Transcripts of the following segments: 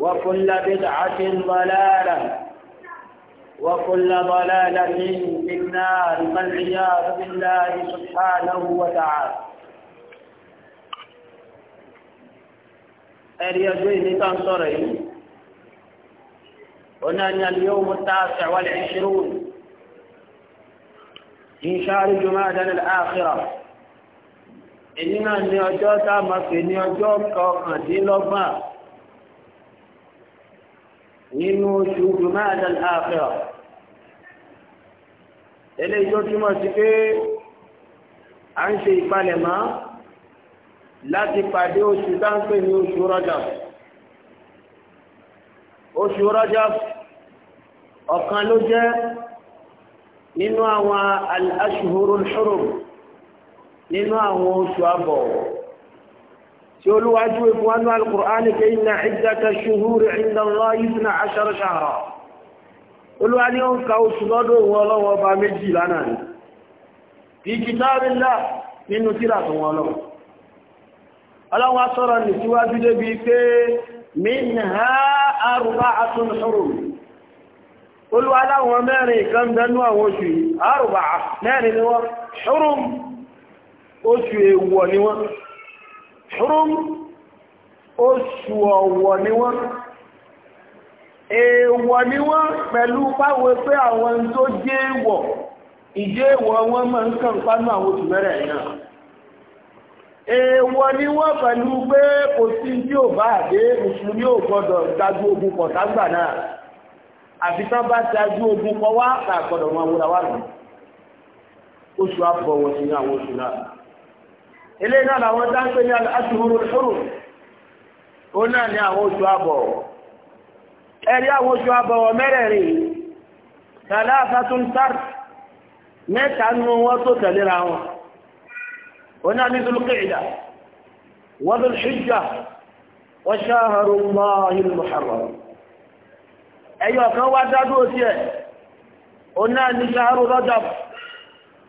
وكل بدعة ضلالة وكل ضلالة في النار والعياذ بالله سبحانه وتعالى أريد تنصري هنا اليوم التاسع والعشرون في شهر جمادى الآخرة إننا نيجوتا ما في نيجوتا كوكا دي لغمة nínú oṣù jùmáàdà àfẹ́ọ̀ eléyìí tó túmọ̀ sí pé à ń ṣe ìpalẹ̀mọ́ láti pàdé oṣù táǹpé ní oṣù Rajab oṣù Rajab ọ̀kan ló jẹ́ nínú àwọn al-ashhurul nínú àwọn oṣù àbọ̀wọ̀ tí olúwa júwe fún wánú alukur'ani pé inna iddata shuhuri inda Allahi isna ashara shahra olúwa ní ó ń ka oṣù lọ́dọ̀ òun ọlọ́wọ́ ọba méjì lánàá ni fi kitabillah nínú tíra tó wọn lọ ṣúrùm oṣù ọ̀wọ̀ ni wọ́n èèwọ̀ ni wọ́n pẹ̀lú páwo pé àwọn tó jẹ́ èèwọ̀ ìjẹ́ èèwọ̀ wọn máa ń kàn pánú àwọn oṣù mẹ́rẹ̀ náà èèwọ̀ ni wọ́n pẹ̀lú pé kò sí tí ò bá àdé mùsùlùmí ò gbọ́dọ̀ dájú ogun pọ̀ ságbà náà àfi tán bá dájú ogun pọ̀ wá kà gbọ́dọ̀ àwọn oṣù náà ilé náà làwọn dáńpé ní aṣùhùrù ṣùrù ó náà ní àwọn oṣù àbọ̀ ẹ̀rí àwọn oṣù àbọ̀ mẹ́rẹ̀ẹ̀rin tàlá àfàtún sars mẹ́ta nínú wọn tó tẹ̀léra wọn ó náà ní zulqa'da wa zulhijja wa shahru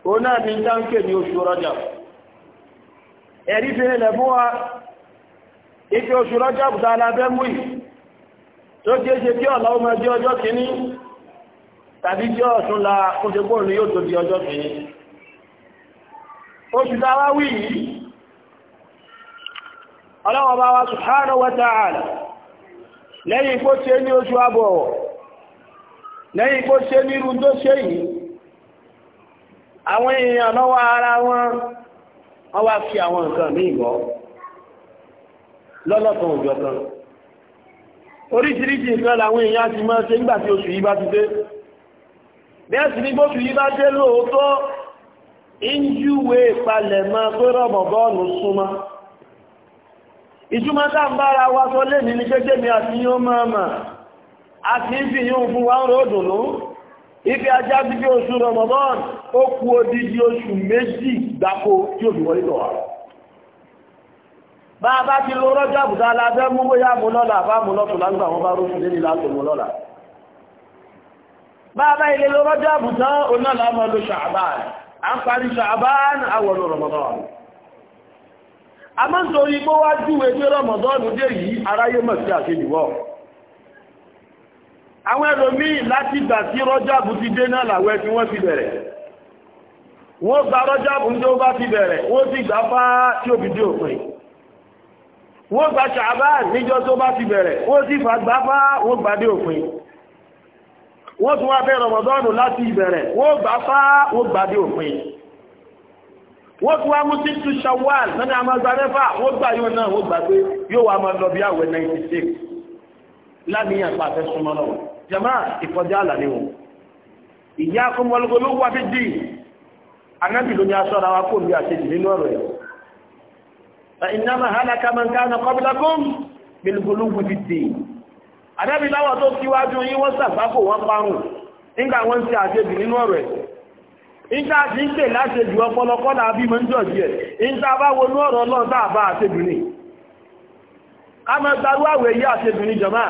ó náà ẹ̀rí fi ife fún wa ike oṣù rọ́jà bùtà alábẹ́ mú yìí tó kí é ṣe kí ọ̀la ọmọ ẹjọ́ ọjọ́ kìíní tàbí kí la kóṣe yóò tó di ọjọ́ kìíní oṣù táwa wí yìí ọlọ́wọ́ bá wa subhanahu lẹ́yìn kó ṣe ní oṣù àbọ̀wọ̀ lẹ́yìn kó ṣe ní irun tó ara wọn wọ́n wá fi àwọn nǹkan míì bọ́ lọ́lọ́kan òjọ kan oríṣiríṣi nǹkan làwọn èèyàn ti máa ṣe nígbà tí oṣù yìí bá ti dé bẹ́ẹ̀ sì ní bóṣù yìí bá dé lóòótọ́ injúwe ìpalẹ̀mọ́ tó rọ̀mọ̀ bọ́ọ̀lù súnmọ́ ìjúmọ́ sáàmbára wa tó lè ní ní gẹ́gẹ́ mi àti yíó máa mà á ti ń fi yíó fún wa ń ròdùnú ibi ajá sí bí oṣù Ramadan ó kù odidi oṣù méjì gbáko tí ó fi wọlé lọ bá a bá ti lo rọ́jà bùdá alábẹ́ mú bóyá mú lọ́la bá mú lọ́tù lágbà wọn bá rọ́sùn lẹ́ni láti mú bá bá ilé lo rọ́jà bùdá onála mọ́ lo ṣàbán à àwọn lo Ramadan a máa ń sọ Ramadan dé yìí aráyé àwọn ẹlòmíì láti gbà tí rọ́jàbù ti dé náà làwẹ̀ tí wọ́n ti bẹ̀rẹ̀ wọ́n gba rọ́jàbù tí ó bá ti bẹ̀rẹ̀ wọ́n ti gbà fá tí ó fi dé òpin wọ́n gba ṣàbáàn níjọ́ tó bá ti bẹ̀rẹ̀ wọ́n ti fà gbà fá wọ́n gbà dé òpin wọ́n tún wá fẹ́ rọmọdọ́nù láti ìbẹ̀rẹ̀ wọ́n gbà fá wọ́n gbà dé òpin wọ́n tún wá mú sí tu Shawwal náà jama ìkọjá àlà ni wọn ìyá akọmọlógó ló wá fi dì anábì ló ní aṣọ ara wa kò ní àṣejì nínú ọ̀rọ̀ ẹ̀ fa ìnáma halaka man kana qablakum bilgulu wùdí dì anábì láwọn tó kíwájú yín wọ́n sàgbákò wọ́n parun nígbà wọ́n ń ṣe àṣejì nínú ọ̀rọ̀ ẹ̀ ìta ti ń pè láṣe jù ọpọlọpọ́ láàbí mọ́ ń jọ díẹ̀ ìta bá wọnú ọ̀rọ̀ náà tàbá àṣebìnrin ká mọ́ gbarú àwẹ̀ yí àṣebìnrin jọmáà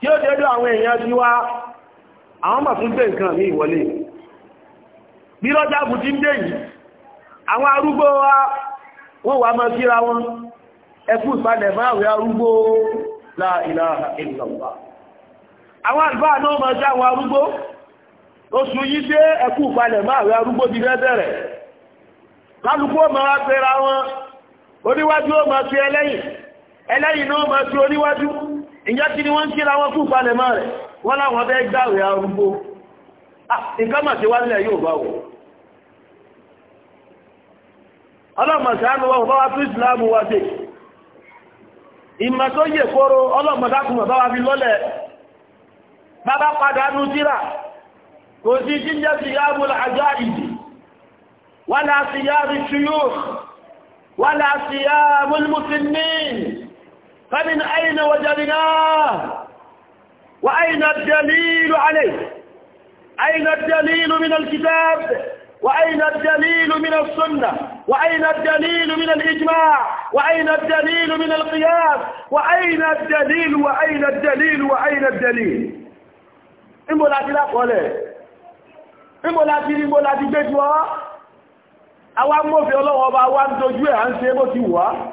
tí ó dédé àwọn èèyàn tí wá àwọn mọ̀ tún gbé nǹkan ní ìwọlé bí lọ́jà bùtí ń dé yìí àwọn arúgbó wa wọ́n wà mọ́ síra wọn ẹkú ìpalẹ̀ máàwẹ̀ arúgbó la ilaha àwọn oníwájú ó máa ẹlẹ́yìn ẹlẹ́yìn náà máa oníwájú ìjá ni wọ́n kí ra wọn fún palẹ̀mọ́ rẹ̀ wọ́n láwọn bẹ́ gbàwẹ̀ arúgbó ìkámà tí wá yóò bá wọ̀ ọlọ́mọ̀sánú wọn bá ìsìláàmù wá dé ìmọ̀ tó yẹ kóró ọlọ́mọ̀dákùnmọ̀ bá fi فمن أين وجدناه وأين الدليل عليه أين الدليل من الكتاب وأين الدليل من السنة وأين الدليل من الإجماع وأين الدليل من القياس وأين الدليل وأين الدليل وأين الدليل إمو لا تلاق ولا إمو لا تلاق إمو لا تلاق àwọn amófin ọlọ́wọ́ ọba wá ń dojú ẹ̀ à ń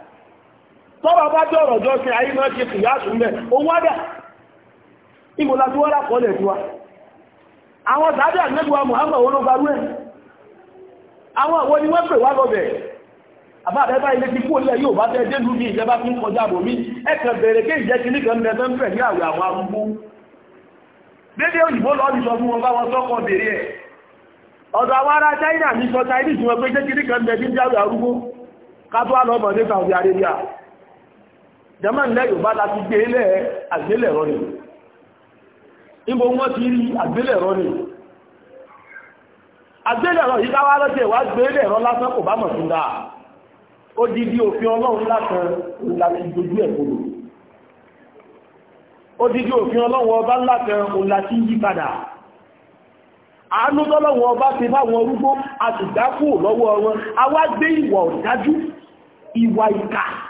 tọ́rọ bá jẹ́ ọ̀rọ̀ jọ ṣe ayé máa ṣe kìyàtù mẹ́ ohun wádà ìgbò láti wọ́n lápọ̀ọ́lẹ̀ tí wá àwọn tàbí àgbẹ́gbà Muhammad olóbarú ẹ̀ àwọn àwọn ni wọ́n pè wá lọ́bẹ̀ àbábẹ́bá ilé ti kú ilẹ̀ yóò bá fẹ́ dé lú ìjẹba fún kọjá bò mí ẹ̀kàn bẹ̀rẹ̀ ìjẹ́ kan mẹ́fẹ́ ń arúgbó jama ńlẹ́ yorùbá la ti gbé lẹ́ àgbélẹ̀rọ ni níbo wọ́n ti rí àgbélẹ̀rọ ni àgbélẹ̀rọ yìí káwá lọ́tẹ̀ wá gbélẹ̀rọ lásán kò bá mọ̀ sí dáa ó di di òfin ọlọ́run lásán láti dojú ẹ̀ kodò ó di di òfin ọlọ́run ọba lásán òun láti yí padà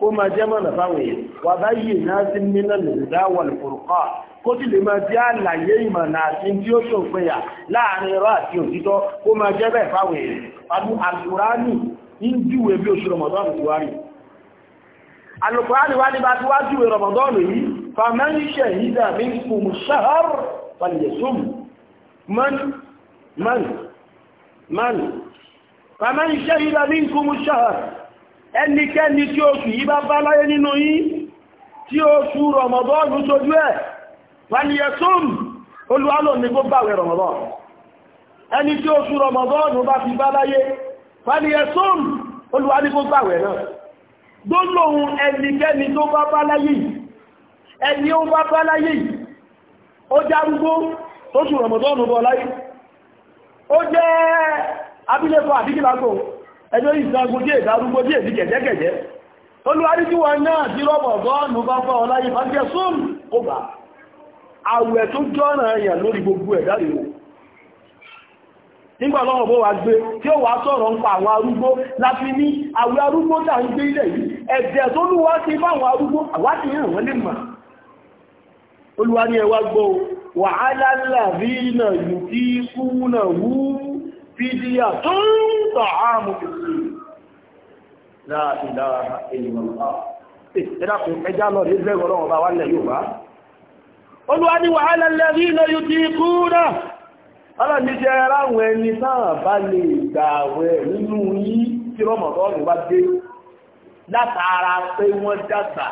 kó máa jẹ́ mọ̀nà fáwọn èèyàn wà báyìí náà sí nínú lòdá wàlùkùrùkọ́ kó sì lè máa jẹ́ àlàyé ìmọ̀nà àti tí ó tó péyà láàrin irọ́ àti òtítọ́ kó máa jẹ́ bẹ́ẹ̀ fáwọn èèyàn pàdú alùkùránì ń júwe bí oṣù rọmọdọ́nù ti wárí alùkùránì wá ní bá ti wá júwe rọmọdọ́nù yìí fàmẹ́ńṣẹ̀ ìdá mi kùn ṣahar fàlìyẹ̀sùn man man man fàmẹ́ńṣẹ̀ ìdá mi kùn ṣahar ẹnikẹ́ni tí ó yìí bá bá láyé nínú yín tí oṣù rọmọdọ́ọ̀nù sojú ẹ̀ wàníyẹ sóòm olúwálò ní kó gbàwẹ̀ rọmọdọ́ọ̀nù ẹni tí oṣù rọmọdọ́ọ̀nù bá fi bá láyé ní kó náà ẹnikẹ́ni tó bá bá láyé ẹjọ́ ìsangun díẹ̀ ìdarúgbó díẹ̀ sí gẹ̀gẹ́gẹ̀gẹ́ olúwaríjúwọ náà tí rọ́bọ̀ gọ́ọ̀nù bá fọ́ ọláyé bá jẹ́ sún ó bá àwẹ̀ tó jọ́nà èèyàn lórí gbogbo ẹ̀dá rèwò nígbà lọ́wọ́ bó wà gbé tí ó wà sọ̀rọ̀ ń pa àwọn arúgbó láti ní àwẹ̀ arúgbó tà ń gbé ilẹ̀ yìí ẹ̀jẹ̀ tó náà yìí kú náà wú fídíà tó ń ta'amu miskin la ilaha illallah ìdákun ẹjá lọ rí bẹ́ẹ̀ ọlọ́run bá wà lẹ̀ yóò bá olúwa ní wàhálà lẹ́rí iná yóò ti kú náà ọlọ́run ní jẹ́ ráwọn ẹni sáà bá lè gbààwẹ̀ nínú yí tí rọmọdọ́rùn bá dé látara pé wọ́n dàgbà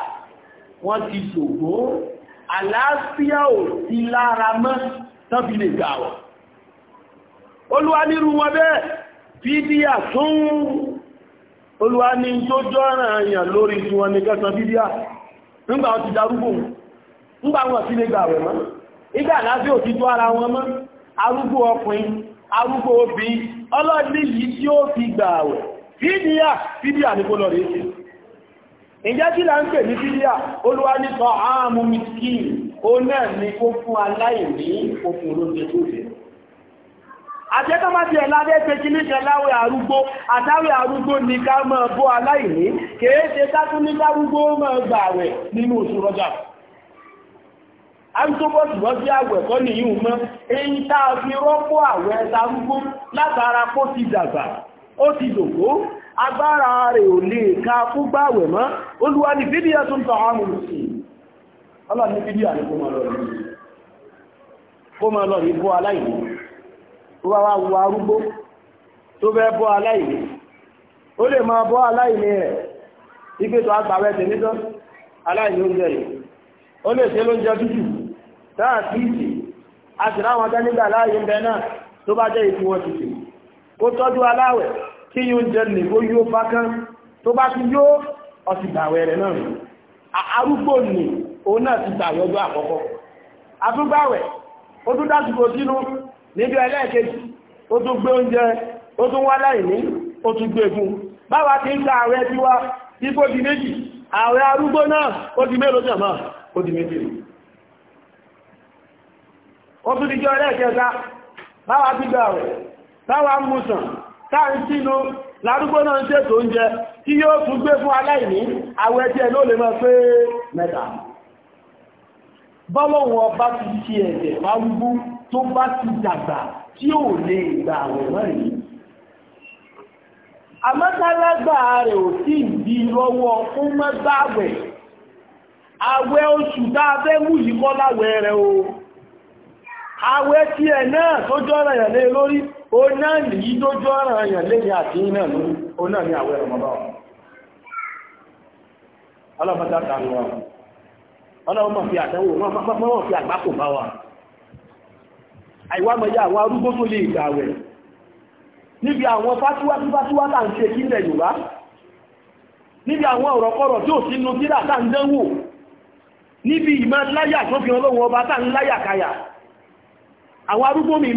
wọ́n ti ṣògbó àlàáfíà ò sí lára mọ́ tán fi lè gbààwẹ̀ olúwa nírú wọn bẹ́ẹ̀ bídíà tó ń olúwa ní tó jọ́ràn àyàn lórí tí wọn ní kẹsàn nígbà wọn ti darúgbò nígbà wọn sí lè gbàwẹ̀ nígbà láti òtítọ́ ara wọn mọ́ arúgbò ọkùnrin arúgbó obìnrin ọlọ́dí yìí tí ó fi gbàwẹ̀ bídíà ní kó lọ àjẹ́kọ́ máa ti ẹ̀lá bẹ́ẹ̀ pé kìí ṣe láwẹ̀ arúgbó àtàwẹ̀ arúgbó ní ká máa bọ́ aláìní kìí ṣe tátún ní lárúgbó máa gbààwẹ̀ nínú oṣù rọ́jà àrùtọ́bọ̀tìbọ̀ sí àwẹ̀ kọ́ ní yíò mọ́ èyí tá a fi rọ́pò àwẹ̀ tarúgbó látara kó ti dàgbà ọlọ́ni fídíò àti máa lọ rí bó tó wa wá wo arúgbó tó fẹ́ bọ́ aláìní ó lè máa bọ́ aláìní rẹ̀ ibi tó agbàwẹ̀ tèmi tán aláìní oúnjẹ rẹ̀ ó lè ṣe lóúnjẹ tútù táà tíìtì a sì ráwọn tẹ́ nígbà láàyè ń bẹ ni òun náà ti gbàwẹ̀ ọjọ́ àkọ́kọ́ àtúgbàwẹ̀ níjọ́ ẹlẹ́ẹ̀kejì ó tún gbé oúnjẹ ó tún wá láìní ó tún gbé fún báwa ti ń ka ààrẹ tí wá ipò di méjì ààrẹ arúgbó náà ó di mélòó jàmá ó di méjì ó tún níjọ́ ẹlẹ́ẹ̀kẹta báwa ti gbà rẹ̀ báwa ń musàn táà ń sínú lárúgbó náà ń ṣètò oúnjẹ tí yóò tún gbé fún aláìní àwọn ẹtí ẹ̀ lè máa pé ọba ti ṣe ẹ̀jẹ̀ máa ń bú tó bá ti dàgbà tí ò lè gbà àwòrán yìí àmọ́tálágbà rẹ̀ ò tí ì di lọ́wọ́ fún mẹ́gbàwẹ̀ àwẹ̀ oṣù dáadẹ́ mú yìí kọ́ láwẹ̀ rẹ̀ o àwẹ̀ tí ẹ̀ náà tó jọ́rọ̀ èèyàn lé lórí náà nìyí tó jọ́rọ̀ èèyàn lé ní àti iná lórí o náà ní wọ́n fi àgbákò bá wa àìwámọ̀yá àwọn arúgbó tó lè gbàwẹ̀ níbi àwọn fásiwá tí fásiwá ń se kí ilẹ̀ Yorùbá níbi àwọn ọ̀rọ̀kọ̀rọ̀ tí ò sí inú tírà ń dánwò níbi ìmá láyà tó fi ọlọ́wọ́ ọba tàà ń láyà kayà àwọn arúgbó mi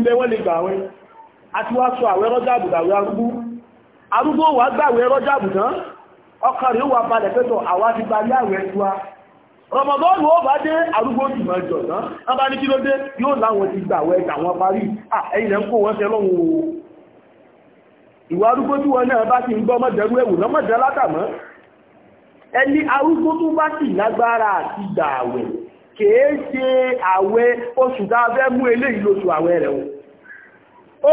àti wá Ramadan ó bá dé arúgbó ìmọ̀ ìjọ̀dán a bá ní kí ló dé yóò láwọn ti gbà wẹ́ àwọn parí ẹ̀yìn lẹ́ ń kó wọ́n tẹ́ lọ́wọ́ ìwà arúgbó tí wọ́n náà bá ti ń gbọ́ mọ́jẹ̀rú ẹ̀wù lọ́mọ̀jẹ́ látàmọ́ ẹni arúgbó tó bá sì lágbára àti gbà kèé ṣe àwẹ̀ oṣù tá a fẹ́ mú eléyìí lóṣù àwẹ̀ rẹ̀ o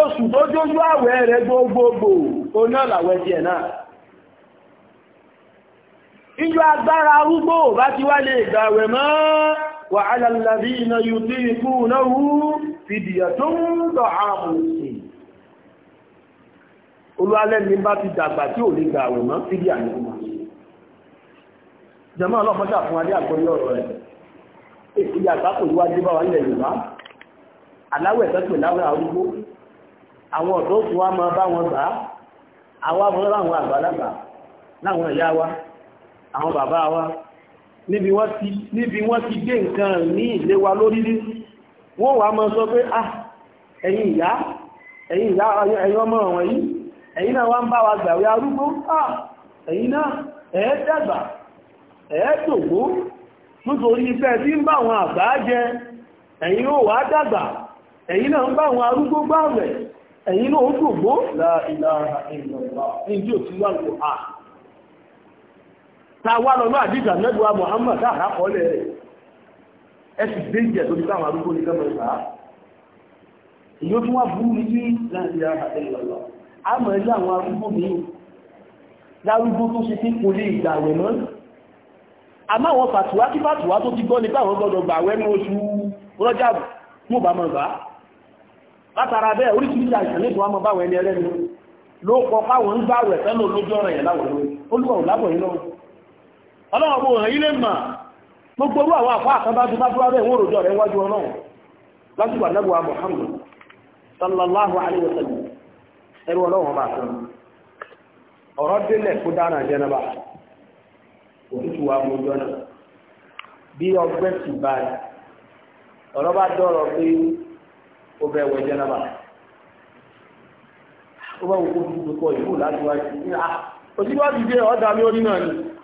oṣù tó jójú àwẹ̀ rẹ̀ gbogbogbò oná làwẹ̀ tiẹ̀ náà ìjọ agbára arúgbó bá ti wá lè gbàwẹ̀ mọ́ wà alàlàbí iná yóò tí ikú náà fìdíyà tó ń lọ ààrùn sí olúwalẹ́ni bá ti dàgbà tí ò lè gbàwẹ̀ mọ́ fìdíyà ní ọmọ jẹmọ́ ọlọ́pọ̀ta fún adé àgbọ́lé ọ̀rọ̀ rẹ̀ èyí àgbákò ìwájú bá wà nílẹ̀ Yorùbá aláwẹ̀ tẹ́tù láwẹ̀ arúgbó àwọn bàbá wa níbi wọ́n ti gbé nǹkan ní ilé wa lórílẹ̀ wọ́n wà mọ́ sọ pé ah ẹ̀yìn ìyá ẹ̀yìn ìyá ẹ̀yin ọmọ ọ̀wọ̀n yìí ẹ̀yin náà wá ń bá wa gbàwé arúgbó ah náà ẹ̀ẹ́dàgbà ẹ̀ẹ́dògbó tàwa lọ́nà àdìjà lẹ́dùá Muhammad dáhà kọ́lẹ̀ rẹ̀ ẹ sì gbé ìjẹ̀ tó ní káwọn arúgbó ní kẹ́mọ̀ ìgbà èyí ó tún wá burú ní kí láti ra àtẹ ìlọ́lọ́ a mọ̀ ẹ́ láwọn arúgbó mi lárúgbó tó ṣe tí kò lè ìgbà rẹ̀ mọ́ àmọ́ àwọn fàtùwá kí fàtùwá tó ti gbọ́ ní káwọn gbọ́dọ̀ gbà wẹ́nu oṣù rọ́jàbù mú bá mọ̀ bá látara bẹ́ẹ̀ oríṣiríṣi àìsàn lè tó wá mọ́ báwọn ẹni ẹlẹ́nu ló kọ káwọn ń gbà wẹ̀ fẹ́lò lójú ọ̀rọ̀ yẹn láwọn olóyìn olúwa ò lábọ̀ yìí lọ́wọ́ ọlọ́run mo hàn ilé mà gbogbo orú àwọn àfáà kan bá ti bá dúró rẹ̀ wọ́n rojọ́ rẹ̀ wájú ọlọ́run lásìkò ànábùwà Muhammad sallallahu alaihi wa sallam ẹrú ọlọ́run bá kan ọ̀rọ̀ délẹ̀ kó dára jẹnaba òtútù wa mú jọ́nà bí ọgbẹ́ sì báyìí ọ̀rọ̀ bá ìlú láti wájú ní à òsínwájú dé ọ̀dà mi ó náà ni.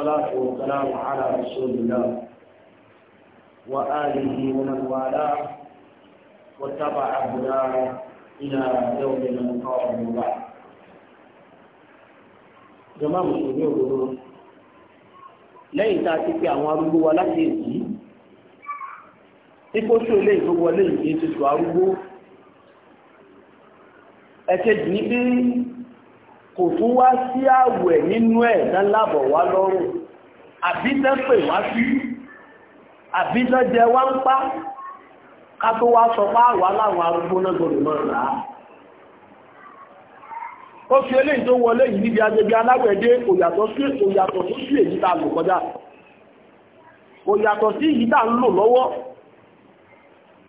والصلاة والسلام على رسول الله وآله ومن والاه واتبع هداه إلى يوم القيامة وبعد jọba mùsùlùmí òdodo tá a ti pe àwọn arúgbó wa láti kò tún wá sí àwẹ̀ nínú ẹ̀ dánlábọ̀ wá lọ́rùn àbí pè wá sí àbídán jẹ wá ń pa ká tó wá sọ pá láwọn arúgbó náà rà á ó fi eléyìí tó wọlé yìí níbi agbègbè aláwẹ̀dé sí èyí tá a lò kọjá sí èyí tá a ń lò lọ́wọ́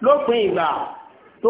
lópin ìgbà tó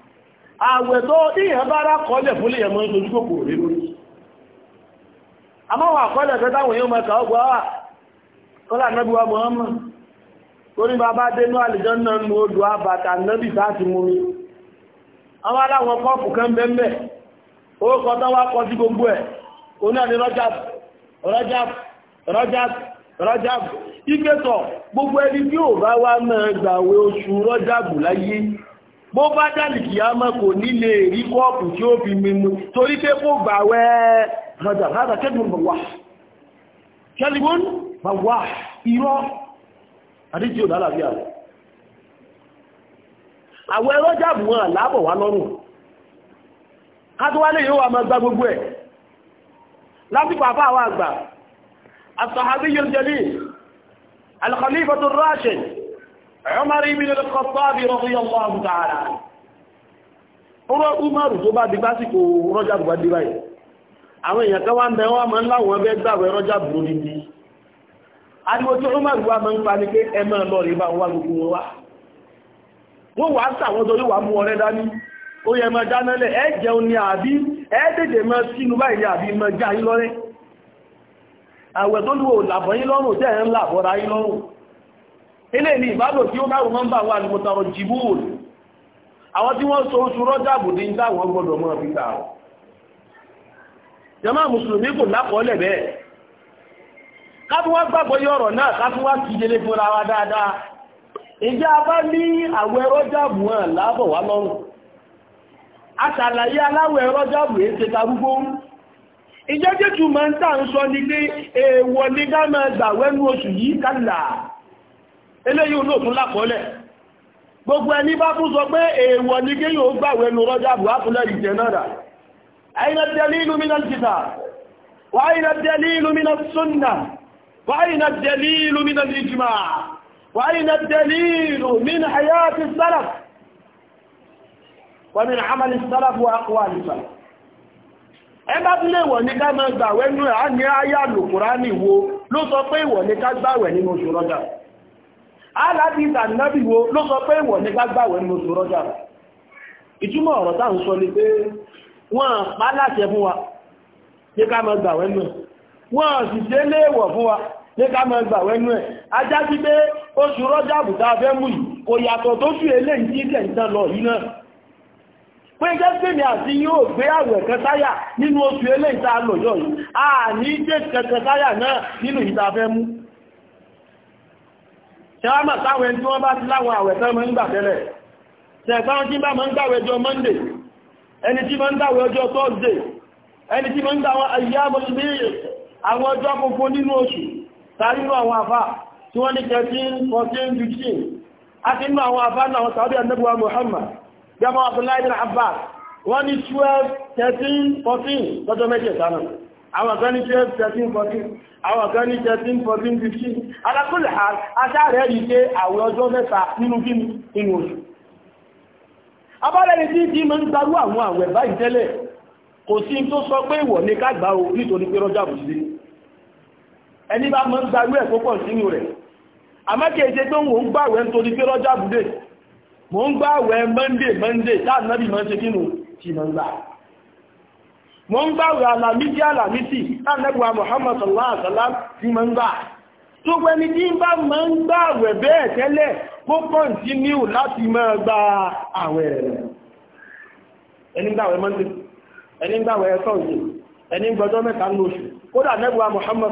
àwẹ̀ tó ìyẹn bá rá kọ́lẹ̀ fún lèyàn mọ́ lójú kòkòrò lé lórí àmáwà kọ́lẹ̀ tó táwọn èèyàn mọ́ta ọgbọ̀ àwà ah, kọ́lá nẹ́bí wa mọ́ọ́mọ́ torí bàbá dénú àlìjọ́ náà nu odò àbàtà nẹ́bí láti mú mi àwọn aláwọn kọ́ọ̀pù kan bẹ́ẹ̀ owó Rajab Rajab Rajab Rajab ìgbẹ́tọ̀ gbogbo ẹni tí ò bá wá náà gbàwé bó bá dàlìkì á mọ́ kò nílé rí kọ́ọ̀pù tí ó fi mímú torí pé kó gbà wẹ́ rádà rádà kẹ́gbùn bàwà kẹ́lìgbón bàwà irọ́ àdíjì ò lálàáfíà rẹ̀ àwọn ẹ̀rọ jàbù wọn àlábọ̀ wá lọ́rùn kátówálé yóò wà mọ́ gbá gbogbo ẹ̀ lásìkò àfá àwọn àgbà as-sahabiyyul jalil Umar ibn al-Khattab radiyallahu ta'ala ọ̀rọ̀ Umar tó bá di lásìkò rọ́jà bùbá dé báyìí àwọn èèyàn kan wá ń bẹ wọ́n máa ń láwọn ẹgbẹ́ gbàwẹ̀ rọ́jà bùrú níbi ariwo tí Umar wá máa ń pa ní pé ẹ máa bá wá gbogbo wọn wọ́n wá sàwọn torí wà mú ọrẹ́ dání ó yẹ máa dáná lẹ̀ ni àbí ẹ tètè sínú báyìí àbí máa já yín ilé ní ìbálò tí ó bá rùn mọ́mbà wà ní mọ́tàrọ̀ jìbúùn àwọn tí wọ́n so oṣù rọ́jàbù ní dáwọn gbọ́dọ̀ mọ́ fíta ọ̀ jàmá mùsùlùmí kò lápọ̀ọ́lẹ̀ bẹ́ẹ̀ káfíwá gbàgbọ́ yọ̀rọ̀ náà káfíwá kì í délé fúnra wa dáadáa ìjẹ́ a bá ní àwẹ̀ rọ́jàbù eléyìí olóòtún lápọ̀ọ́lẹ̀ gbogbo ẹni bá tún sọ pé èèwọ̀ ní kí yóò gbàwẹ̀ ní rọ́jà bù ápùlẹ̀ ìjẹ náà aina dalilu min al-kitab wa aina dalilu min as-sunnah wa aina dalilu ẹgbá tí lè wọ̀ ní ká máa gbàwẹ̀ ní àáyà lò Kùránì wo ló sọ pé ìwọ̀ ní ká gbàwẹ̀ nínú oṣù aládìsà nábìwò ló sọ pé ìwọ̀ ní gbágbàwẹ̀ ní oṣù rọ́jà ìtumọ̀ ọ̀rọ̀ táà ń sọ ni pé wọ́n pa láṣẹ fún wa ní ká máa gbàwẹ̀ nù ẹ̀ wọ́n sì ṣe léèwọ̀ fún wa ní ká máa gbàwẹ̀ nù ẹ̀ ajá sí pé oṣù rọ́jà bùtá fẹ́ mú yìí kò yàtọ̀ tó ṣù eléyìí tí ìtẹ̀ ìtàn lọ yìí náà pé gẹ́gẹ́mì àti yóò gbé àwẹ̀ kẹtáyà nínú oṣù eléyìí tá a lọ yọ yìí a ní jẹ́ kẹtáyà náà nínú ìta fẹ́ mú tẹwàmà táwọn ẹni tí wọ́n bá ti láwọn àwẹ̀ tán mọ́ ń gbà tẹ́lẹ̀ tẹ̀gbọ́n tí bá mọ́ ń gbàwẹ̀ ọjọ́ monday ẹni tí mọ́ ń gbàwẹ̀ ọjọ́ thursday ẹni tí mọ́ ń gbàwẹ̀ bụ ilé àwọn ọjọ́ funfun nínú oṣù tàrínú àwọn àfá 14 15 annabuwa muhammad àwọn kan ní 12 13 14 àwọn kan ní 13 14 15 alákùnlẹ̀ aṣáàrẹ̀ rí pé àwọn ọjọ́ mẹ́ta nínú gíní nínú oṣù abálẹ́ni tí tí mọ́ ń gbarú àwọn àwẹ̀ báyìí tẹ́lẹ̀ kò sí tó sọ pé ìwọ̀ ní kágbà o nítorí pé rọ́jà bù sí ẹni bá mọ́ ń gbarú ẹ̀ púpọ̀ sínú rẹ̀ àmọ́kèèṣe tó ń wò ń gbàwẹ̀ nítorí pé rọ́jà bù dé mò ń gbàwẹ̀ Monday Monday táà náà bí mọ́ ń ṣe kínú tí mọ́ ń gbà wọ́n ń gbàwẹ̀ àlàmísì àlàmísì tánẹ́gbà Muhammad sallallahu alaihi wasallam ti mọ́ ń gbà tó gbẹni tí ń bá mọ́ ń bẹ́ẹ̀ tẹ́lẹ̀ kó kọ́ntínú ní oṣù kódà nẹ́gbà Muhammad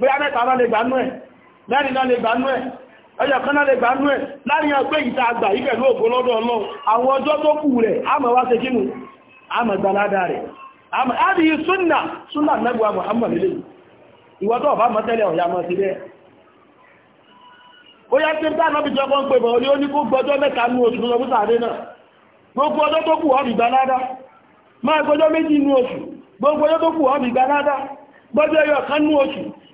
bóyá mẹ́ta náà lè gbánú ẹ̀ mẹ́rin náà lè gbánú ẹ̀ ẹjọ́ kan náà lè gbánú ẹ̀ láàrin ọgbẹ́ ìta àgbà yìí pẹ̀lú ògbó lọ́dọ̀ Ọlọ́run àwọn ọjọ́ tó kù rẹ̀ àmọ́ wá ṣe kí mú àmọ́ gbalada rẹ̀ àmọ́ ma súnà súnà nẹ́gbà gbogbo ọjọ́ tó kù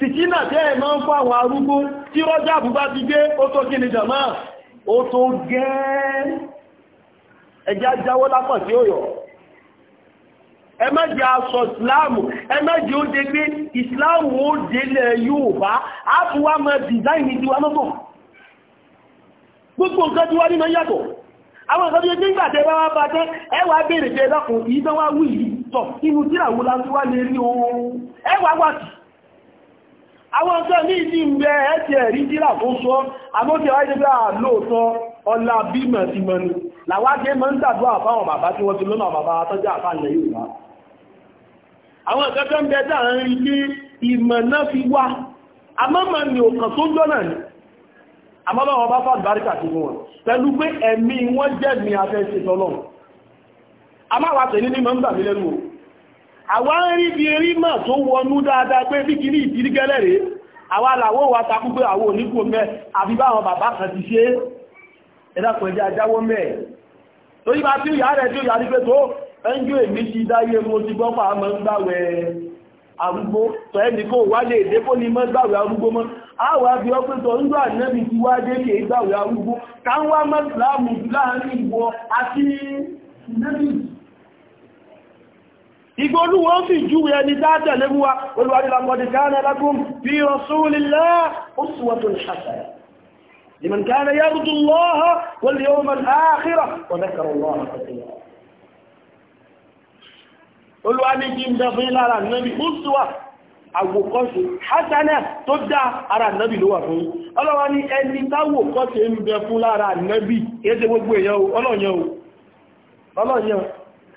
fìtínà tẹ́ ẹ̀ máa ń fún àwọn arúgbó tí rọ́jà àbúgbá ti gbé ó tó kí ni jàmá ó tó gẹ́ ẹjá jáwọ́ lápọ̀ tí ó yọ ẹ mẹ́jẹ aṣọ ìsìláàmù ẹ mẹ́jẹ ó dé pé ìsìláàmù ó délẹ̀ Yorùbá á tún wá mọ́ dìzáìnì tí wá lọ́tọ̀ gbogbo nǹkan tí wá nínú wà sí àwọn ọjọ́ ní ìdí ìgbẹ́ ẹ̀ẹ́tì ẹ̀rí dílà tó sọ àmókè ọ̀ẹ́dẹ́gbà lóòtọ́ ọlá bímọ̀ ti mọ̀ ní làwájẹ́ mọ́ ń tàdúrà fáwọn bàbá tí wọ́n ti lọ́nà bàbá tọ́jà àfáàlẹ̀ Yorùbá àwọn ìkẹ́kẹ́ ń bẹ dáa ń rí pé ìmọ̀ náà fi wá àmọ́mọ̀ ni òkàn tó jọ́nà ní àmọ́mọ̀ ọba fàgbáríkà tí wọ́n pẹ̀lú pé ẹ̀mí wọ́n jẹ́ mi afẹ́ ṣe tọ́lọ́run àwa ń rí bí erí mà tó wọnú dáadáa pé bí kìíní ìdírí gẹ́lẹ̀ rèé àwa làwọ́ wa takú pé àwọn oníkó mẹ́ àfi báwọn bàbá kan ti ṣe ẹ̀dàkùn ẹ̀dà jáwọ́ mẹ́ torí bá tí ó yà rẹ̀ tí ó yà rí pé tó ẹnjú èmi ti dáyé mo ti gbọ́ fà mọ́ gbàwẹ̀ arúgbó tọ́ ẹni kó wá lè dé kó ní mọ́ gbàwẹ̀ arúgbó mọ́ àwọn ìgbónúwọ́ sì júwẹ́ ẹni dáadẹ̀ lé múwa olùwàdìlàpọ̀dì kana lakum fi rasulillahi uswatun hasana liman kana yarju Allaha wal yawmal akhira wa dhakara Allaha kathira olùwàdìjì ń dẹ̀fún lára nẹ́bí uswa àwòkọ́ṣe hasana tó dá ara nẹ́bí ló wà fún ọlọ́wà ní ẹni táwòkọ́ṣe ń bẹ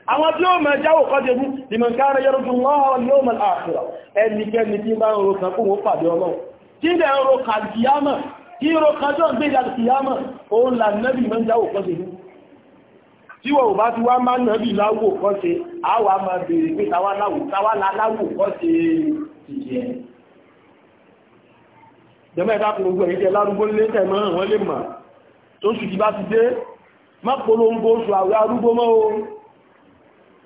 àwọn tí ó máa jáwò kọ́ jẹ́ mú ìmọ̀kára yọrọ̀ jù wọ́n yóò mọ̀ àṣírà ẹnikẹ́ni tí bá ń ro kan kún ó pàdé ọlọ́run tí ilẹ̀ ń ro kan kìyàmọ̀ tí ro kan jọ ń gbé ìjà kìyàmọ̀ ó ń la nẹ́bì máa ń jáwò kọ́ jẹ́ mú tí wọ́n ò bá ti wá máa fún ogun ẹ̀yíkẹ́ lárúgbó lé tẹ̀mọ́ wọn lè mọ̀ tó sùn ti bá ti dé má polongo oṣù àwẹ́ arúgbó mọ́ o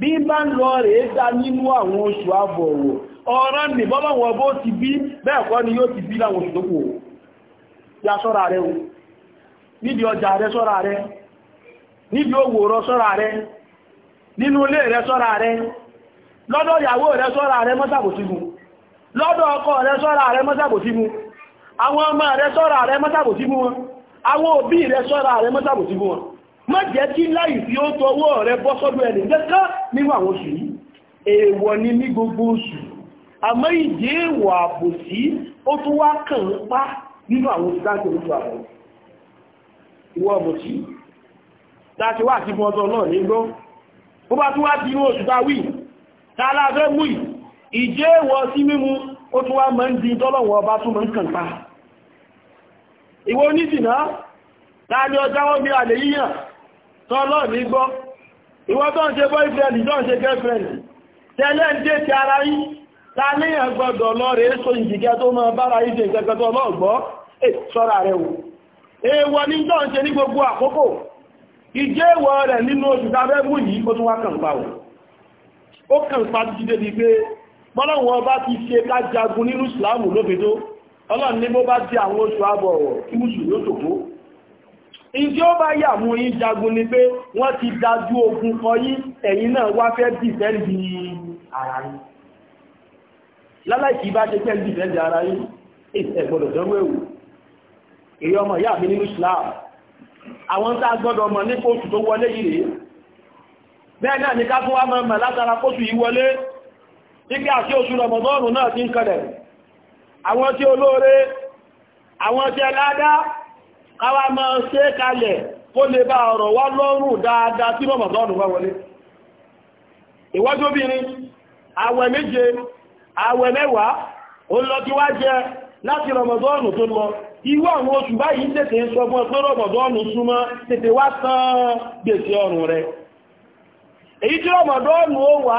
bí bá ń lọ rẹ̀ dá nínú àwọn oṣù àbọ̀wọ̀ ọ̀rọ̀ ní bọ́bọ̀ wọ́n bó ti bí bẹ́ẹ̀kọ́ ni yóò ti bí láwọn oṣù ya ṣọ́ra rẹ̀ o níbi ọjà rẹ̀ ṣọ́ra rẹ̀ níbi owó rọ sọ́ra rẹ̀ nínú ilé rẹ̀ rẹ̀ lọ́dọ̀ ìyàwó rẹ̀ rẹ̀ má jẹ́ kí láì fi ó tọwọ́ rẹ bọ́ sọ́dọ̀ ẹni jẹ́ká nínú àwọn oṣù yìí èèwọ̀ ni ní gbogbo oṣù àmọ́ ìdí èèwọ̀ àbòsí ó tún wá kàn ń pa nínú àwọn oṣù dáńtò lójú àwọn ìwọ àbòsí láti wá àti fún ọjọ́ náà ní gbọ́ bó bá tún wá di inú oṣù táwì tààlà fẹ́ mú ì ìjẹ́ èèwọ̀ sí mímu ó tún wá mọ́ ń di tọ́lọ̀wọ̀ ọba tún mọ́ ń kàn pa ìwọ onísìnà láàrin ọjọ́ wọn bí àlè yíyàn tọ́lọ́ ní gbọ́ ìwọ tó ń ṣe boyfriend tó ń ṣe girlfriend tẹ́lẹ̀ ń dé ti ara yí ta níyàn gbọ́dọ̀ lọ rèé so ìjìkẹ́ tó máa bára yí ṣe ìkẹ́kẹ́ tó ọlọ́gbọ́ sọ́ra rẹ̀ wò èèwọ̀ ní tó ń ṣe ní gbogbo àkókò ìjẹ́ ìwọ̀ rẹ̀ nínú oṣù tàbẹ́gbù yìí ó tún wá kàn pa ó kàn pa ti dé di pé bọ́lọ́wọ́ bá ti ṣe ká jagun nínú ìsìláàmù lóbedó ọlọ́run ní bó bá ti àwọn oṣù àbọ̀wọ̀ kí mùsùlùmí ó tòkó ìjí ó bá yà mú yín jagun ni pé wọ́n ti dájú ogun kọ yí ẹ̀yin náà wá fẹ́ dìfẹ́ndì ara yín láláìkì bá ṣe fẹ́ dìfẹ́ndì ara yín ẹgbọ́dọ̀ jọ́rú ẹ̀wù èyí ọmọ ìyá mi nínú Islam àwọn tá a gbọ́dọ̀ mọ̀ ní kóòtù tó wọlé yìí rèé bẹ́ẹ̀ náà ni ká tún wá mọ̀ látara kóòtù yìí wọlé nígbà tí oṣù rọmọdọ́rùn náà ti ń kalẹ̀ àwọn tí olóore àwọn tí ẹládá káwá máa ṣe kalẹ̀ kó lè bá ọ̀rọ̀ wá lọ́rùn dáadáa tí mọ̀mọ̀ wá wọlé ìwọ́jú obìnrin àwẹ̀ méje àwẹ̀ mẹ́wàá ó jẹ láti rọmọdọ́ọ̀nù tó lọ ìwọ àwọn oṣù báyìí tètè ń sọ fún ọpẹ́ rọmọdọ́ọ̀nù súnmọ́ tètè wá tán gbèsè ọrùn èyí tí rọmọdọ́ọ̀nù ó wà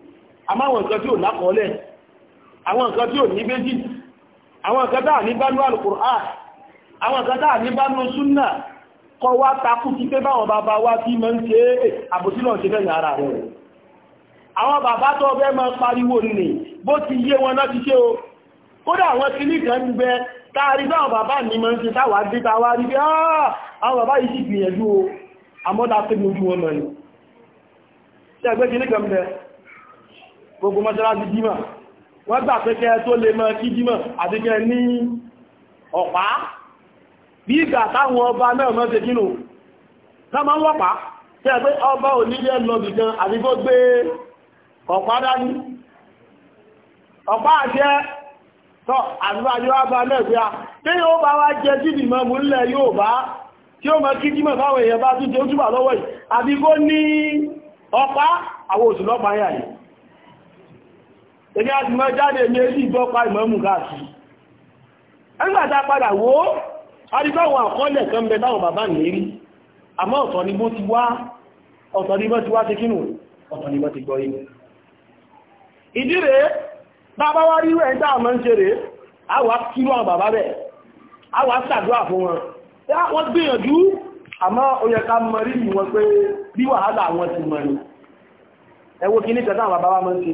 àmọ́ àwọn nǹkan tí ò lákọọ́lẹ̀ àwọn nǹkan tí ò ní méjì àwọn nǹkan tá ní bánú Al-Qur'an àwọn nǹkan tá à ní bánú súnà kọ wá takú ti pé báwọn bàbá wá tí mọ́ ń ṣe àbòsí náà ṣe fẹ́ yàrá rẹ̀ àwọn bàbá tó ọbẹ́ máa pariwo nì bó ti yé wọn náà ti ṣe o kódà àwọn tí ní kan ń bẹ táàrí bàbá ní mọ́ ń ṣe táwà dé táwà rí bí ah, àwọn bàbá yìí sì gbìyànjú o àmọ́dá pé ní ojú wọn mọ̀ ní gbogbo mọ́ṣáláṣí jímọ̀ wọ́n gbà pé kẹ́ tó lè mọ́ kí jímọ̀ àti kẹ́ ní ọ̀pá bí ìgbà táwọn ọba náà mọ́ ṣe kínú sáma ń wọ́pá tẹ́ pé ọba ò ní jẹ́ lọ bìkan àti kó gbé ọ̀pá dání ọ̀pá àjẹ́ tọ́ àdúrájú ọba náà pé a tí yóò bá wá jẹ jídì yà yìí èmi àti mọ́ jáde ní èyí ìgbọ́pa ìmọ̀mù káàkiri ẹgbàtà padà wó arígbàwọn àkọọ́lẹ̀ kan bẹ táwọn bàbá nìrí àmọ́ ọ̀tọ̀ ni bó ti wá ọ̀tọ̀ ni bó ti wá ti kínú ọ̀tọ̀ ni bó ti gbọ́ inú ìdí rẹ̀ bàbá wá rí rẹ̀ dáàmọ́ ń ṣe rẹ̀ àwà kírú àwọn bàbá bẹ̀ àwà ṣàdúrà fún wọn wọ́n gbìyànjú àmọ́ ó yẹ ká mọ rí wọn pé bí wàhálà wọn ti mọ̀ ni ẹ wo kí ní kẹta àwọn bàbá wa mọ́ ń ṣe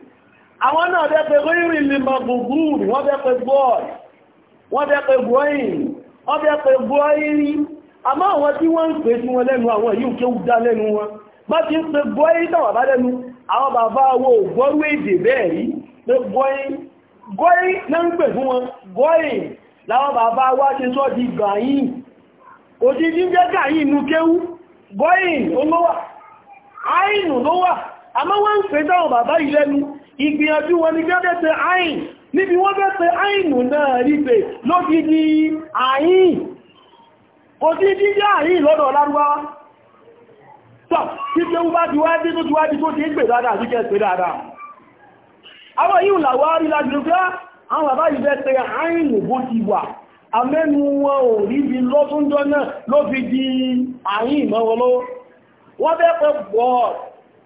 àwọn náà dẹ́pẹ̀ rírí lima gbogbo wọ́n dẹ́pẹ̀ boy wọ́n dẹ́pẹ̀ boyin wọ́n dẹ́pẹ̀ boyiri àmọ́ àwọn tí wọ́n ń pè sí wọn lẹ́nu àwọn yìí kí ó dá lẹ́nu wọn bá ti ń pè boyin tàwà bá lẹ́nu àwọn bàbá wo gbọ́rú èdè bẹ́ẹ̀ rí àmọ́ wọ́n ń pè dáwọn bàbá yìí lẹ́nu ìgbìyànjú wọn ni gẹ́gẹ́ tẹ àìn níbi wọ́n fẹ́ tẹ àìnù náà rí pé ló ti di àìn kò sí jíjẹ́ àìn lọ́dọ̀ lárúwáwá tọ́ tí tí ó bá ti wá dé tó ti wá di tó ti ń pè dáadáa sí kẹ́ pè dáadáa àwọn yìí làwọ́ rí lágbègbè ah, àwọn bàbá wọn ò rí lọ́túnjọ́ náà ló fi di àìn wọn lọ́wọ́ wọ́n fẹ́ pẹ́ bọ́ọ̀lù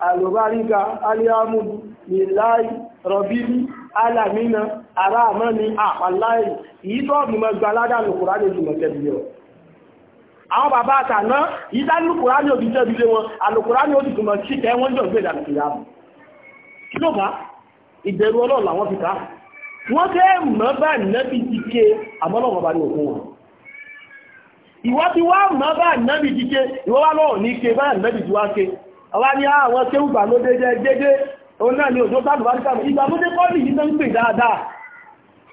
alùbáríga aliamudu níláì rọ̀bílì alamina ara àmọ́ ni àpàláì yìí tó ọ̀gbìmọ̀ gba aládà lùkùrá ní ìjùmọ̀ tẹ́bílẹ̀ wọn àwọn bàbá àtàná yìí dá lùkùrá ní òbí tẹ́bílẹ̀ wọn alùkùrá ní òbí tùmọ̀ sí kẹ́ wọ́n jọ gbé ìdàlù kìláàmù kí ló bá ìbẹ̀rù ọlọ́ọ̀ làwọn fi ká wọ́n tẹ́ mọ́ bá nẹ́bí ti ké àmọ́lọ́wọ́ bá ní òkun wọn ìwọ́ ti wá mọ́ bá nẹ́bí ti ké ìwọ́ wá lọ́ọ̀ ní ké bá nẹ́bí ti wá ké ọwá ní ah, àwọn tí ó gbà ló dédé dédé òun náà ni òjò sáàbù báríkà mọ̀ ìgbà múdé kọ́ ní ìdán pè dáadáa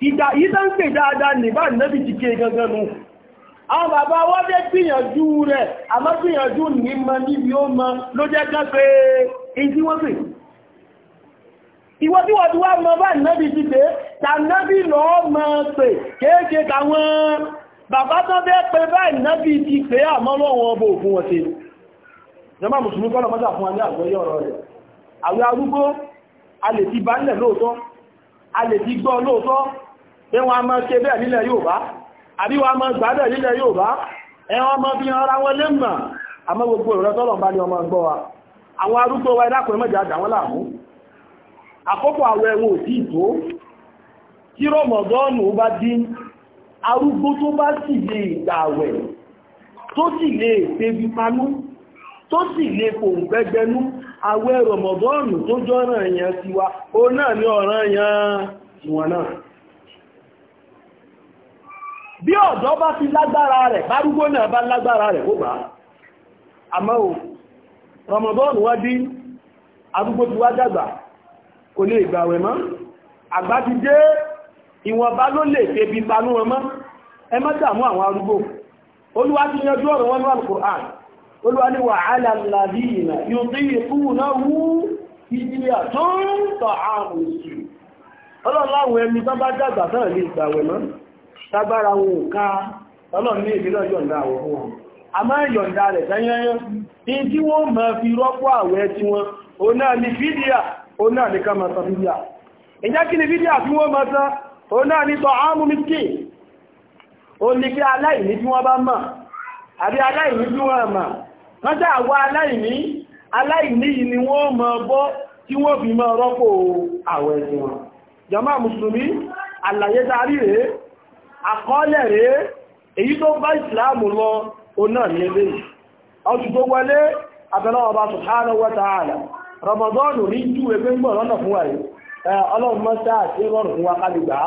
ìgbà ìdán pè dáadáa ní bá nẹ́bì ti ké gangan nù àwọn bàbá wọ́n jẹ́ gbìyànjú rẹ̀ àmọ́ gbìyànjú ní mọ níbi ó mọ ló jẹ́ kán pé ìdí wọ́n pè ìwọ tí wọ́n ti wá mọ bá nẹ́bì ti pé ta nẹ́bì lọ́ mọ pè kéèké tàwọn bàbá tó fẹ́ pé bá nẹ́bì ti pé àmọ́ lọ́wọ́ ọbọ̀ òfin wọ́n ti jọmọ́ mùsùlùmí kọ́lọ̀ mọ́sà fún alẹ́ àgbọ́yé ọ̀rọ̀ rẹ̀ àwọn arúgbó a lè ti bá nílẹ̀ lóòótọ́ a lè ti gbọ́ lóòótọ́ pé wọ́n a máa ṣe bẹ́ẹ̀ nílẹ̀ Yorùbá àbí wọ́n a máa gbà bẹ́ẹ̀ nílẹ̀ Yorùbá ẹ̀wọ́n máa fi ara wọn lé mọ̀ àmọ́ gbogbo ìrọ̀ tọ́lọ̀ bá ní ọmọ gbọ́ wa àwọn arúgbó wa ẹ̀dàkùnrin mẹ́jọ àjà wọn láàmú àkókò àwẹ̀ ẹ̀wọ̀n ò tí tó tí rọmọdọ́ọ̀nù bá dín arúgbó tó bá sì lè gbààwẹ̀ tó sì lè febi panú tó sì lè kò ń gbẹgbẹnú àwẹ̀ rọ̀mọ̀dọ́ọ̀nù tó jọ́ràn èèyàn ti wa ó náà ní ọ̀ràn èèyàn wọn náà bí ọ̀dọ́ bá ti lágbára rẹ̀ bárúgbó náà bá lágbára rẹ̀ ó bá àmọ́ ò rọ̀mọ̀dọ́ọ̀nù wá dí arúgbó ti wá olúwaníwà alàlàdínà yóò tí ìkúnnáwú ìjìyà tó ń tọ̀ àrùn sí ọlọ́láwọ̀ ẹni tó bá dàgbà náà lè gbàwẹ̀ mọ́ tágbára wọn ká ọlọ́ni ìbílọ̀ yọ̀ǹda àwọn fún wọn a máa yọ̀ǹda rẹ̀ tẹ́yẹnyẹ́ àbí aláìní tí wọ́n mọ̀ wọ́n sá àwọn aláìní aláìní yìí ni wọ́n mọ̀ bọ́ tí wọ́n fi mọ́ rọ́pò àwọ̀ ẹ̀sìn wọn jàmá mùsùlùmí àlàyé darí rèé àkọọ́lẹ̀ rèé èyí tó bá ìsìláàmù lọ oná nílé Ramadan ní jú ẹgbẹ́ ń gbọ́ lọ́nà wa yìí ọlọ́run mọ́sá àti rọrùn fún wa kálùgbà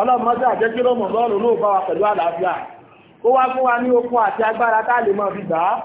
ọlọ́run mọ́sá àjẹ́ kí rọmọdọ́nù ló bá wa pẹ̀lú àlàáfíà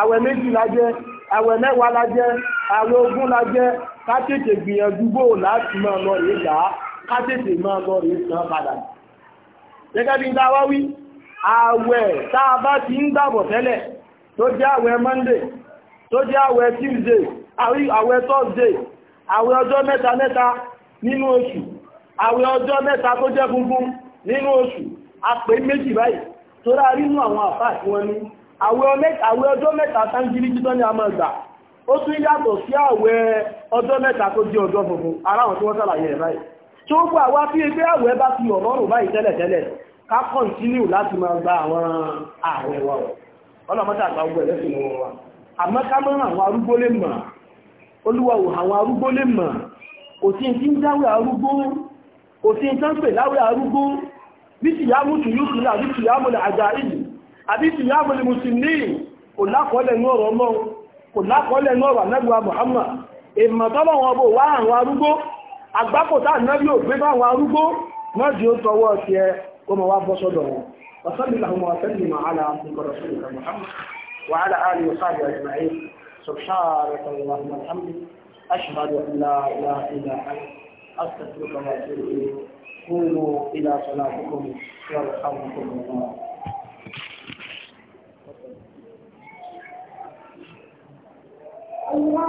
àwẹ̀ méjì la jẹ àwẹ̀ mẹ́wàá la jẹ àwẹ̀ ogún la jẹ ká tètè gbìyànjú bò láti máa lọ rèé gbà á ká tètè máa lọ rèé san padà gẹ́gẹ́ bí n ta wá wí àwẹ̀ tá a bá ti ń gbàbọ̀ tẹ́lẹ̀ tó jẹ́ àwẹ̀ Monday tó jẹ́ àwẹ̀ Tuesday àwẹ̀ Thursday àwẹ̀ ọjọ́ mẹ́ta mẹ́ta nínú oṣù àwẹ̀ ọjọ́ mẹ́ta tó jẹ́ funfun nínú oṣù àpè méjì báyìí tó rá nínú àwọn àfáà tí wọ́n ní àwẹ̀ ọjọ́ mẹ́ta sáńjírí títọ́ ní àmọ́ ìgbà ó tún yàtọ̀ sí àwẹ̀ ọjọ́ mẹ́ta tó di ọjọ́ funfun ara tí wọ́n sàlàyé ẹ̀ báyìí tí ó gbà wá sí ẹgbẹ́ àwẹ̀ bá ti ọ̀nà báyìí tẹ́lẹ̀tẹ́lẹ̀ ká láti gba àwọn àwẹ̀ wa ọlọ́mọdé àgbà ogun sí ti àdísì láàmùlì mùsùlùmí kò lákọọ́lẹ̀ ní ọ̀rọ̀ ọmọ kò lákọọ́lẹ̀ ní ọ̀rọ̀ anẹ́gbà Muhammad èèmọ̀ tọ́lọ̀ wọn bò wá àwọn arúgbó agbákòtà náà yóò gbé bá àwọn arúgbó náà di ó tọwọ́ ti ẹ kó wá bọ́ sọ́dọ̀ wọn وصلي اللهم وسلم على وعلى اله وصحبه اجمعين سبحانك اللهم وبحمدك اشهد ان لا اله الا انت استغفرك واتوب اليك يرحمكم الله Allah